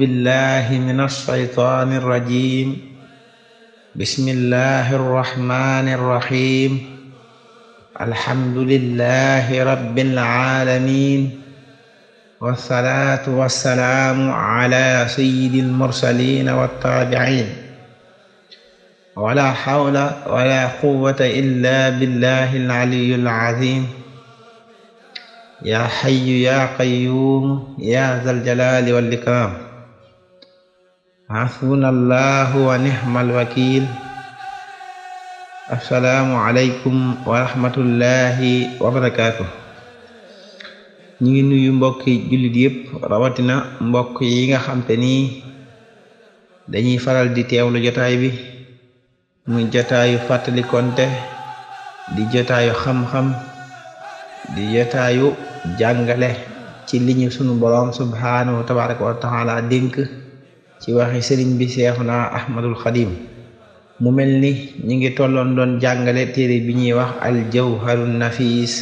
بالله من الشيطان الرجيم بسم الله الرحمن الرحيم الحمد لله رب العالمين والصلاة والسلام على سيد المرسلين والتابعين ولا حول ولا قوة إلا بالله العلي العظيم يا حي يا قيوم يا ذا الجلال والإكرام hasbunallahu wa nihmal wakil assalaamu aleykum wa rahmatullahi wa barakaatu ñu ngi nuyu mbokki jullit yëpp rawatina mbokk yi nga xam ni dañuy faral di teewlu jotaay bi muy jotaayu fàttali konte di jotaayu xam-xam di jotaayu jàngale ci li sunu boroom subhaanahu tabaraka wa taala ci waxi sëriñ bi seexuna ahmadul xadim mu mel ni ñi ngi tolloon doon jàngale téere bi ñuy wax al jawharun nafis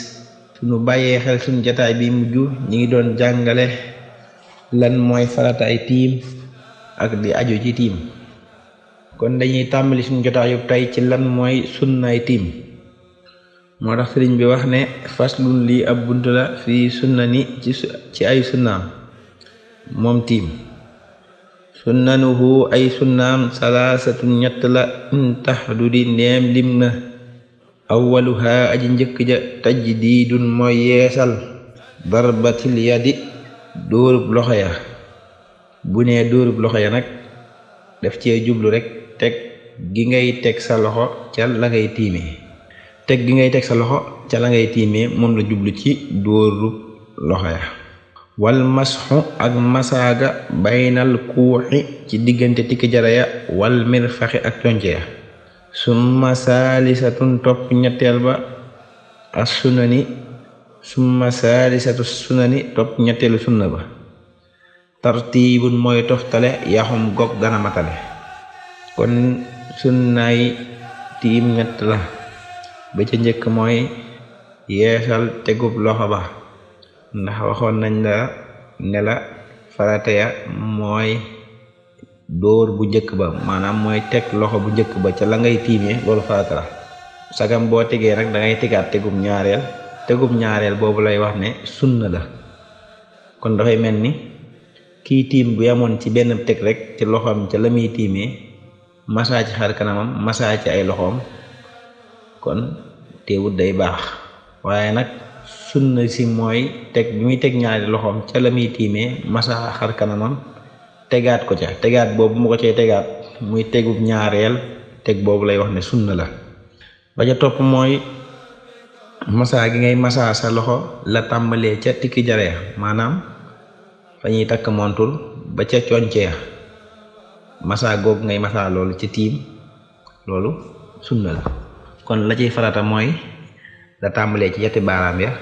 suñu bàyyee xel suñu jataay bi mujj ñi ngi doon jàngale lan mooy farataay tiim ak di aju ci tiim kon dañuy tàmbali suñu jotaayub tey ci lan mooy sunnaay tiim moo tax sëriñ bi wax ne faslun lii ab bunt la fii sunna ni ci ay sunnaam moom tiim sunnanuhu ay sunnaam salaasatu ñett la intaxdu di ndeem lim na awaluhaa aji njëkk ja tajdiidun mooy yeesal darbatil yadi dóorub loxo ya bu nee dóorub loxo ya nag def cee jublu rekk teg gi ngay teg sa loxo ca la ngay tiimee teg gi ngay teg sa loxo ca la ngay tiimee moom la jublu ci dóorub loxo ya wal masxu ak masaaga baynal kuuxi ci diggante tikki jara ya wal mirfaxi ak conce ya summa saalisatun topp ñetteel ba as sunani summa saalisatu sunani topp ñetteelu sunna ba tartiibun mooy toftale yaxum gog gana matale kon sunnaay tiim ñett la ba ca njëkk mooy yeesal tegub loxo ba ndax waxoon nañ la ne la farata ya mooy dóor bu jëkk ba maanaam mooy teg loxo bu njëkk ba ca la ngay tiimee loolu farata la sagam boo tegee nag dangay tegaat tegum ñaareel tegum ñaareel boobu lay wax ne sunna la kon dafay mel ni kii tiim bu yamoon ci benn teg rek ci loxoom ca la muy tiimee masaa ci xar kanamam masaa ci ay loxoom kon teewut day baax waaye nag sunna si mooy teg bi muy teg ñaari loxoom ca la muy tiimee masaa xar kanamam tegaat ko ca tegaat boobu mu ko cay tegaat muy tegub ñaareel teg boobu lay wax ne sunna la ba ca topp mooy masaa gi ngay masaa sa loxo la tàmbalee ca tikki jareex maanaam fa ñuy takk montul ba ca conceex masaa googu ngay masaa loolu ca tiim loolu sunna la kon la ciy farata mooy la tàmbalee ci yetti baaraam ya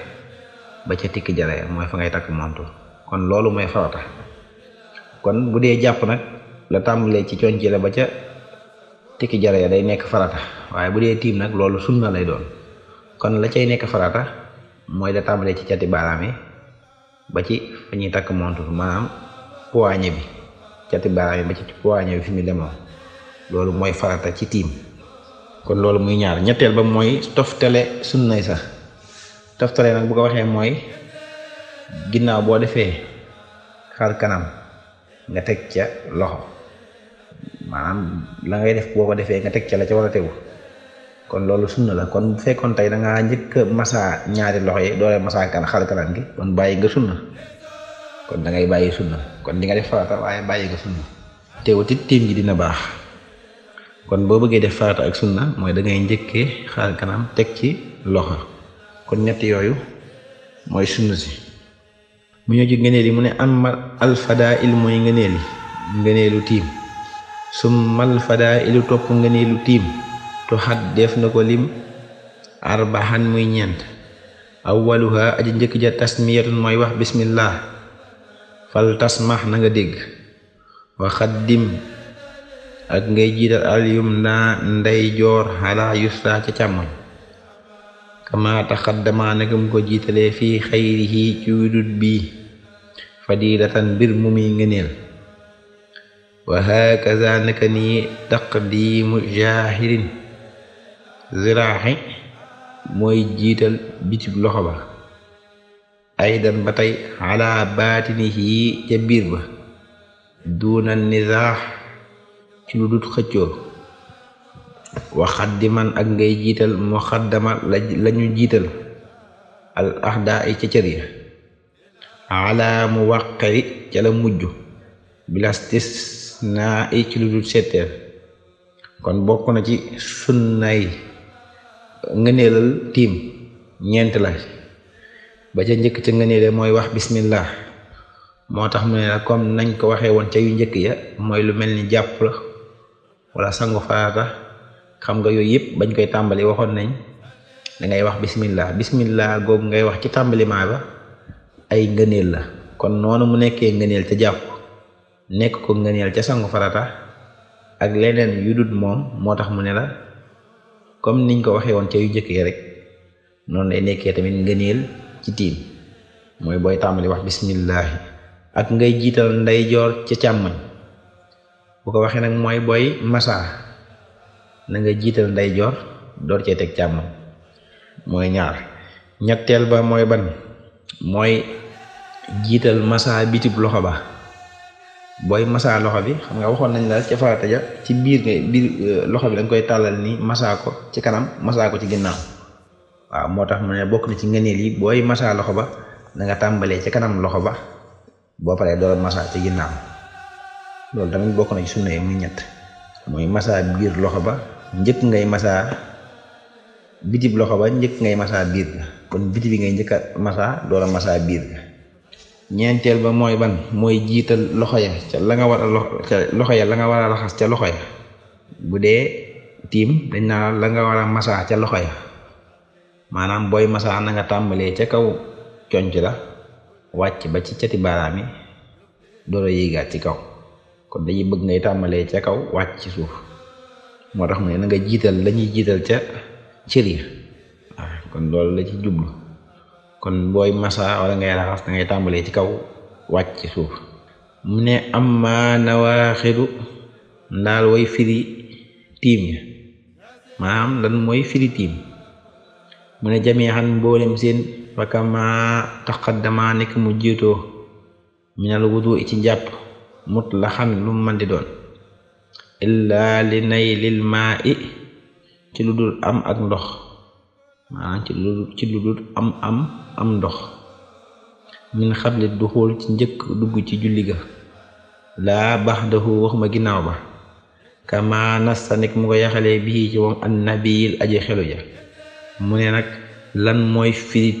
ba ca tikki jara mooy fa ngay takk mantu kon loolu mooy farata kon bu dee jàpp nag la tàmbalee ci coñ ci ba ca tikki ya day nekk farata waaye bu dee tiim nag loolu sunna lay doon kon la cay nekk farata mooy la tàmbalee ci cati baaraam yi ba ci fa ñuy takk montu maanaam poignée bi cati baaraam yi ba ci poignée bi fi mu demoo loolu mooy farata ci tiim kon loolu muy ñaar ñetteel ba mooy toftale nay sax toftale nag bu ko waxee mooy ginnaaw boo defee xar kanam nga teg ca loxo maanaam la ngay def boo ko defee nga teg ca la ca war a tegu kon loolu sunna la kon fekkoon tey da ngaa njëkk a masaa ñaari loxo yi doole masaa kan xar kanam gi kon bàyyi nga sunna kon dangay ngay bàyyi sunna kon di nga def farata waaye bàyyi nga sunna teewut it tiim gi dina baax kon boo bëggee def farata ak sunna mooy dangay ngay njëkkee kanam teg ci loxo. kon ñett yooyu mooy sunna si mu ñëw ci ngëneel yi mu ne amal alfadaa il mooy ngëneel yi ngëneelu tiim summal fadaa ilu topp ngëneelu tiim tuxat def na ko lim arbaxan muy ñeent awwaluha aji njëkk ja tasmiyatun mooy wax bismillah fal tasmax na nga dégg waxaddim ak ngay jiital al yumna ndeyjoor xalaa yusra ca càmmoñ kama taqaddama nakam ko jiitalee fii xayrihi ci wudut bii fadilatan mbir mu muy ngëneel wa hakaza naka nii taqdimu jahirin ziraaxi mooy jiital bitib loxo ba aydan ba tey ala baatinihi ca biir ba duna nizaax ci xëccoo di man ak ngay jiital muxaddama lañu jiital al ahda ay ca ya ala mu wàqi ca la mujj bilastisnaa i ci lu dul setteel kon bokk na ci sunnay ngëneelal tiim ñeent la ba ca njëkk ca ngëneele mooy wax bismillah moo tax mu ne la comme nañ ko waxee woon ca yu njëkk ya mooy lu mel ni jàpp la wala sangu farata xam nga yooyu yëpp bañ koy tàmbali waxoon nañ dangay wax bismillah bismillah googu ngay wax ci tàmbaliment ba ay ngëneel la kon noonu mu nekkee ngëneel ca jàpp nekk ko ngëneel ca sangu farata ak leneen yu dut moom moo tax mu ne la comme niñ ko waxee woon ca yu njëkkee rek noonu lay nekkee tamit ngëneel ci tiim mooy booy tàmbali wax bismillahi ak ngay jiital ndeyjoor ca càmmoñ bu ko waxee nag mooy booy masaa na nga jiital ndeyjoor door cee teg càmmoñ mooy ñaar ñetteel ba mooy ban mooy jiital masa bitib loxo ba booy masa loxo bi xam nga waxoon nañ laal ca farata ja ci biir nga biir euh, loxo bi da koy tàllal ni masa ko ci kanam masa ko ci ginnaaw waaw moo tax mu ne bokk na ci ngëneel yi booy masa loxo ba na nga tàmbalee ci kanam loxo ba boo paree door masa ci ginnaaw loolu tamit bokk na ci sunna yi muy ñett mooy masa biir loxo ba njëkk ngay masaa bitib loxo ba njëkk ngay masaa biir na kon biti bi ngay njëkk a masaa door a masaa biir ga ñeenteel ba mooy ban mooy jiital loxo ya ca la nga war a loxo ya la nga war a laxas ca loxo ya bu dee tiim dañ naa la nga war a masaa ca loxo ya maanaam booy masaa na nga tàmbalee ca kaw conc la wàcc ba ci cati baaraam yi door a yéegaat ci kaw kon dañuy bëgg ngay tàmbalee ca kaw wàcc ci suuf moo tax mu ne na jiital lañuy jiital ca cër yi ah, kon loolu la ci jublu kon booy masa wala ngay raxas da ngay tàmbalee ci kaw wàcc suuf mu ne amma nawaaxidu ndaal way firi tiim ya maanaam lan mooy firi tiim mu ne jamiixan mboolem seen fakama taqaddama nekk mu jiitoo minal wudu ci njàpp mut la xam lu mu mën di doon illaa li naylil maa i ci lu dul am ak ndox maanaam ci ci lu dul am am am ndox min xabli duxul ci njëkk dugg ci julli ga laa baax dahu waxuma ginnaaw ba kama nastanik mu ko yaxalee bii ci moom annabiyil aji xelu ja mu ne nag lan mooy firi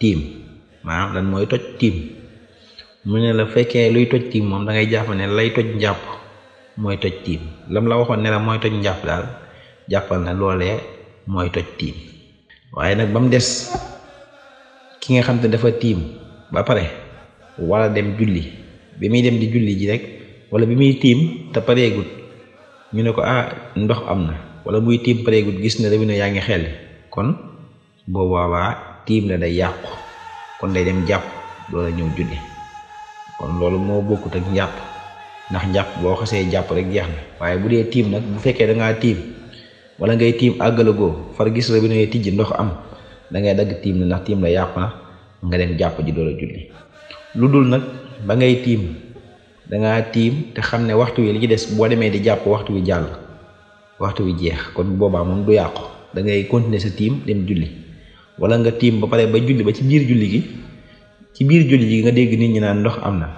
tiim maanaam lan mooy toj tiim mu ne la fekkee luy toj tiim moom dangay jàpp ne lay toj njàpp mooy toj tiim lam la waxoon ne mooy toj njàpp daal jàppal na loole mooy toj tiim waaye nag ba mu des ki nga xam te dafa tiim ba pare walla dem julli bi muy dem di julli ji rek wala bi muy tiim te pareegut ñu ne ko ah ndox am na wala muy tiim pareegut gis na rabi yaa ngi xel kon boobaabaa tiim la day yàqu kon day dem jàpp loolu ñëw julli kon loolu moo bokkut ak njàpp ndax njàpp boo xasee jàpp rek jeex na waaye bu dee tiim nag bu fekkee da ngaa tiim wala ngay tiim goo far gis la bi ne tijji ndox am da ngay dagg tiim ndax tiim la yàpp na nga dem jàpp ji door a julli lu dul nag ba ngay tiim dangaa tiim te xam ne waxtu wi li ci des boo demee di jàpp waxtu wi jàll waxtu wi jeex kon boobaa moom du yàqu da ngay continuer sa tiim dem julli wala nga tiim ba pare ba julli ci biir julli gi ci biir julli gi nga dégg nit ñi naan ndox am na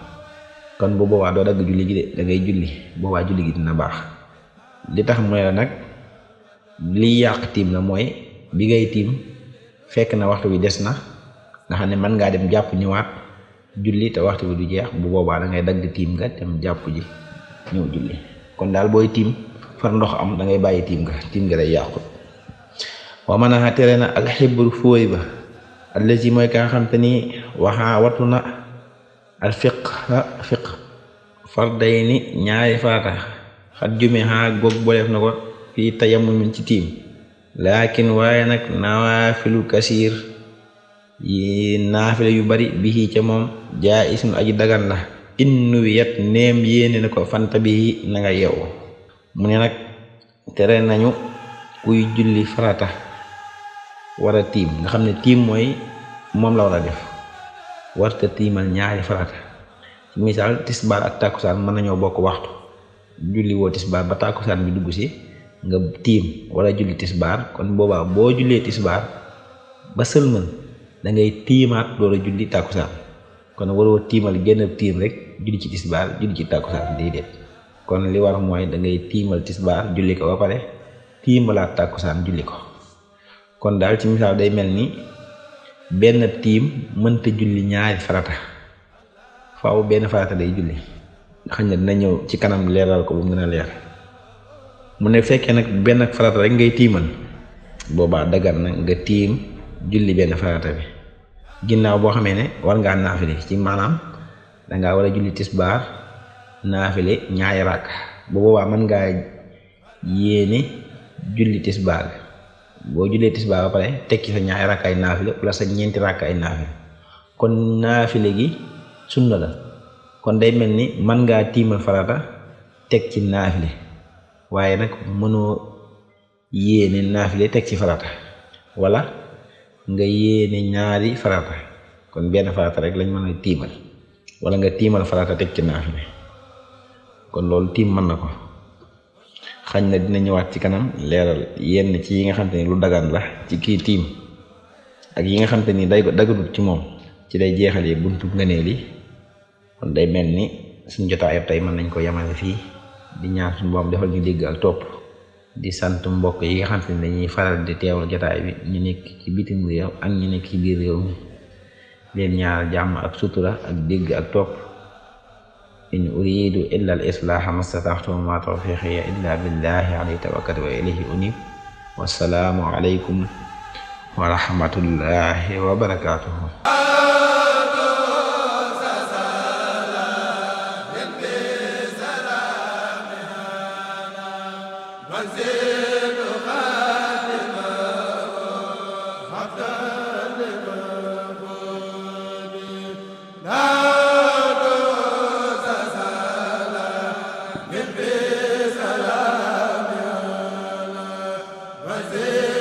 kon bu boobaa doo dagg julli gi de da ngay julli boobaa julli gi dina baax li tax mooy la nag li yàq tiim na mooy bi ngay tiim fekk na waxtu wi des na nga xam ne mën ngaa dem jàpp ñëwaat julli te waxtu bi du jeex bu boobaa da ngay dagg tiim nga dem jàpp ji ñëw julli kon daal booy tiim far ndox am dangay bàyyi tiim nga tiim nga day yàqut waa mën a tere na alxibru fóoy ba allazi mooy ka xam te ni waxaa watu al fiqha fiqh fardayni ñaari farata xat jumi xaa goog boleef na ko fii tayammum ci tiim laakin waaye nag nawaafilu kasiir yi naafila yu bari bihi ca moom jaa ismu aji dagan la innuwiyat neem yéene na ko fanta bi na nga yew mu ne nag tere nañu kuy julli farata war tiim nga xam ne tiim mooy moom la war def warta tiimal ñaari farata ci misaal tisbaar ak tàkkusaan mën nañoo bokk waxtu julli woo tisbaar ba tàkkusaan bi dugg si nga tiim wala julli tisbaar kon boobaa boo jullee tisbaar ba sëlmal da ngay tiimaat door a julli tàkkusaan kon waroo tiimal génn tiim rek julli ci tisbaar julli ci tàkkusaan déedéet kon li war mooy dangay ngay tiimal tisbaar julli ko ba pare tiimalaat tàkkusaan julli ko kon daal ci misaal day mel ni benn tiim mënta julli ñaari farata faw benn farata day julli xam ne dina ñëw ci kanam leeral ko ba mu gën a leer mu ne fekkee nag benn farata rek ngay tiimal boobaa dagar na nga tiim julli benn farata bi ginnaaw boo xamee ne war ngaa naafile ci maanaam dangaa war a julli tisbaar naafile ñaari rakk ba boobaa mën ngaa yéene julli tisbaar boo julee tisbaar ba pare tekki sa ñaari ay naafile wala sa ñeenti ay naafile kon naafile gi sunna la kon day mel ni man ngaa tiimal farata teg ci naafile waaye nag mënoo yéene naafile teg ci farata wala nga ñaari farata kon benn farata rek lañ mën a tiimal wala nga tiimal farata teg ci naafile kon loolu tiim mën na ko xañ na dina ñëwaat ci kanam leeral yenn ci yi nga xam te lu dagan la ci kii tiim ak yi nga xam te ni day daganut ci moom ci day jeexalee buntu ngëneel li kon day mel ni suñ jotaayab tey mën nañ ko yemale fii di ñaan suñu boom defal ñu dégg ak topp di sant mbokk yi nga xam ni dañuy faral di teewal jotaay bi ñu nekk ci bitim réew ak ñu nekk ci biir réew mi leen ñaar jàmm ak sutura ak dégg ak topp in uridu illa al islaha mastataxtu ma tawfiqiya illa billahi alayhi tawakkaltu wa ilayhi unib wassalaamu alaykum wa rahmatullahi wa barakatuhu Amen.